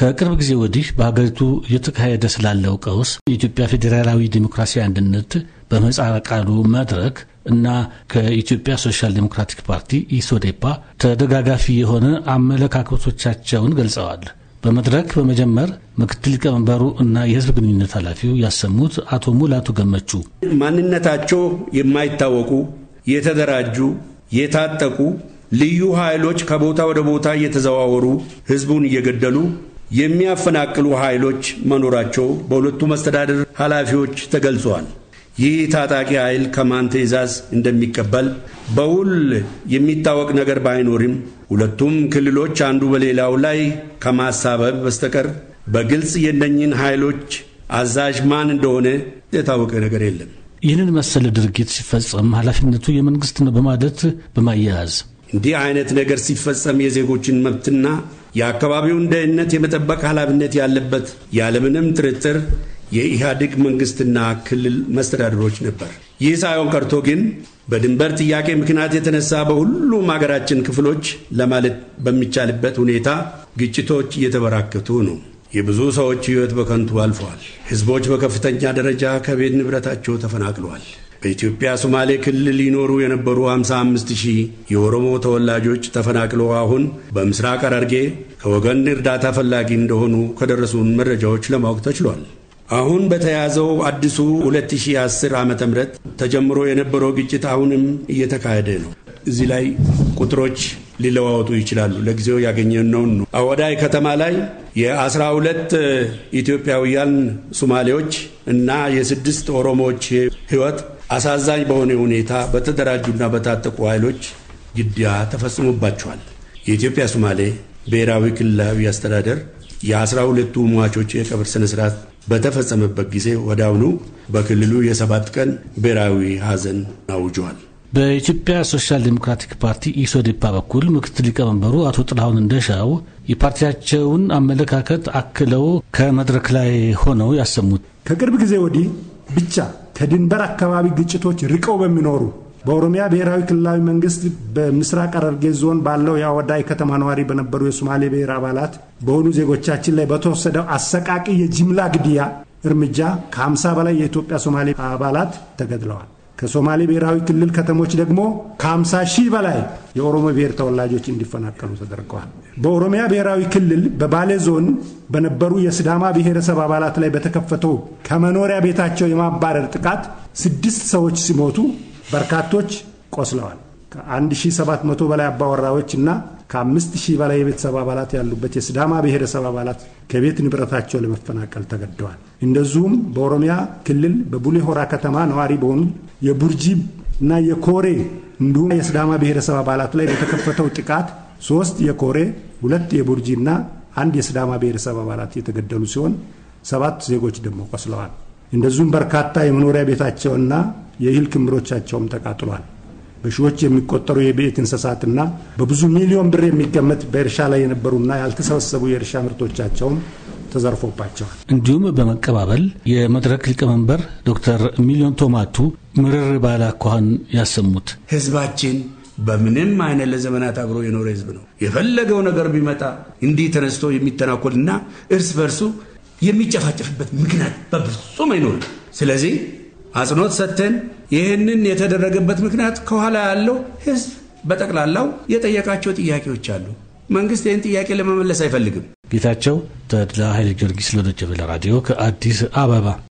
ከቅርብ ጊዜ ወዲህ በሀገሪቱ እየተካሄደ ስላለው ቀውስ የኢትዮጵያ ፌዴራላዊ ዴሞክራሲያዊ አንድነት በምህጻረ ቃሉ መድረክ እና ከኢትዮጵያ ሶሻል ዴሞክራቲክ ፓርቲ ኢሶዴፓ ተደጋጋፊ የሆነ አመለካከቶቻቸውን ገልጸዋል። በመድረክ በመጀመር ምክትል ሊቀመንበሩ እና የህዝብ ግንኙነት ኃላፊው ያሰሙት አቶ ሙላቱ ገመቹ ማንነታቸው የማይታወቁ የተደራጁ፣ የታጠቁ ልዩ ኃይሎች ከቦታ ወደ ቦታ እየተዘዋወሩ ህዝቡን እየገደሉ የሚያፈናቅሉ ኃይሎች መኖራቸው በሁለቱ መስተዳድር ኃላፊዎች ተገልጿል። ይህ ታጣቂ ኃይል ከማን ትዕዛዝ እንደሚቀበል በውል የሚታወቅ ነገር ባይኖርም ሁለቱም ክልሎች አንዱ በሌላው ላይ ከማሳበብ በስተቀር በግልጽ የእነኝህን ኃይሎች አዛዥ ማን እንደሆነ የታወቀ ነገር የለም። ይህንን መሰል ድርጊት ሲፈጸም ኃላፊነቱ የመንግስት ነው በማለት በማያያዝ እንዲህ አይነት ነገር ሲፈጸም የዜጎችን መብትና የአካባቢውን ደህንነት የመጠበቅ ኃላፊነት ያለበት ያለምንም ጥርጥር የኢህአዴግ መንግስትና ክልል መስተዳድሮች ነበር። ይህ ሳይሆን ቀርቶ ግን በድንበር ጥያቄ ምክንያት የተነሳ በሁሉም አገራችን ክፍሎች ለማለት በሚቻልበት ሁኔታ ግጭቶች እየተበራከቱ ነው። የብዙ ሰዎች ሕይወት በከንቱ አልፈዋል። ሕዝቦች በከፍተኛ ደረጃ ከቤት ንብረታቸው ተፈናቅለዋል። በኢትዮጵያ ሶማሌ ክልል ይኖሩ የነበሩ 55 ሺህ የኦሮሞ ተወላጆች ተፈናቅለው አሁን በምስራቅ ሐረርጌ ከወገን እርዳታ ፈላጊ እንደሆኑ ከደረሱን መረጃዎች ለማወቅ ተችሏል። አሁን በተያዘው አዲሱ 2010 ዓ ም ተጀምሮ የነበረው ግጭት አሁንም እየተካሄደ ነው። እዚህ ላይ ቁጥሮች ሊለዋወጡ ይችላሉ። ለጊዜው ያገኘነውን ነው። አወዳይ ከተማ ላይ የአስራ ሁለት ኢትዮጵያውያን ሶማሌዎች እና የስድስት ኦሮሞዎች ህይወት። አሳዛኝ በሆነ ሁኔታ በተደራጁና በታጠቁ ኃይሎች ግድያ ተፈጽሞባቸዋል። የኢትዮጵያ ሶማሌ ብሔራዊ ክልላዊ አስተዳደር የአስራ ሁለቱ ሟቾች የቀብር ስነ ስርዓት በተፈጸመበት ጊዜ ወዳውኑ በክልሉ የሰባት ቀን ብሔራዊ ሀዘን አውጇል። በኢትዮጵያ ሶሻል ዴሞክራቲክ ፓርቲ ኢሶዴፓ በኩል ምክትል ሊቀመንበሩ አቶ ጥላሁን እንደሻው የፓርቲያቸውን አመለካከት አክለው ከመድረክ ላይ ሆነው ያሰሙት ከቅርብ ጊዜ ወዲህ ብቻ ከድንበር አካባቢ ግጭቶች ርቀው በሚኖሩ በኦሮሚያ ብሔራዊ ክልላዊ መንግስት በምስራቅ ሐረርጌ ዞን ባለው የአወዳይ ከተማ ነዋሪ በነበሩ የሶማሌ ብሔር አባላት በሆኑ ዜጎቻችን ላይ በተወሰደው አሰቃቂ የጅምላ ግድያ እርምጃ ከ50 በላይ የኢትዮጵያ ሶማሌ አባላት ተገድለዋል። ከሶማሌ ብሔራዊ ክልል ከተሞች ደግሞ ከ50 ሺህ በላይ የኦሮሞ ብሔር ተወላጆች እንዲፈናቀሉ ተደርገዋል። በኦሮሚያ ብሔራዊ ክልል በባሌ ዞን በነበሩ የስዳማ ብሔረሰብ አባላት ላይ በተከፈተው ከመኖሪያ ቤታቸው የማባረር ጥቃት ስድስት ሰዎች ሲሞቱ በርካቶች ቆስለዋል። ከ1700 በላይ አባወራዎች እና ከአምስት ሺህ በላይ የቤተሰብ አባላት ያሉበት የስዳማ ብሔረሰብ አባላት ከቤት ንብረታቸው ለመፈናቀል ተገደዋል። እንደዚሁም በኦሮሚያ ክልል በቡሌሆራ ከተማ ነዋሪ በሆኑ የቡርጂ እና የኮሬ እንዲሁም የስዳማ ብሔረሰብ አባላት ላይ በተከፈተው ጥቃት ሶስት የኮሬ ሁለት የቡርጂ እና አንድ የስዳማ ብሔረሰብ አባላት የተገደሉ ሲሆን ሰባት ዜጎች ደግሞ ቆስለዋል። እንደዚሁም በርካታ የመኖሪያ ቤታቸውና የእህል ክምሮቻቸውም ተቃጥሏል። በሺዎች የሚቆጠሩ የቤት እንስሳትና በብዙ ሚሊዮን ብር የሚገመት በእርሻ ላይ የነበሩና ያልተሰበሰቡ የእርሻ ምርቶቻቸውም ተዘርፎባቸዋል። እንዲሁም በመቀባበል የመድረክ ሊቀመንበር ዶክተር ሚሊዮን ቶማቱ ምርር ባለ አኳኋን ያሰሙት ህዝባችን በምንም አይነት ለዘመናት አብሮ የኖረ ህዝብ ነው። የፈለገው ነገር ቢመጣ እንዲህ ተነስቶ የሚተናኮልና እርስ በርሱ የሚጨፋጨፍበት ምክንያት በፍጹም አይኖርም። ስለዚህ አጽንኦት ሰጥተን ይህንን የተደረገበት ምክንያት ከኋላ ያለው ህዝብ በጠቅላላው የጠየቃቸው ጥያቄዎች አሉ። መንግስት ይህን ጥያቄ ለመመለስ አይፈልግም። ጌታቸው ተድላ ኃይለ ጊዮርጊስ ለዶይቼ ቬለ ራዲዮ ከአዲስ አበባ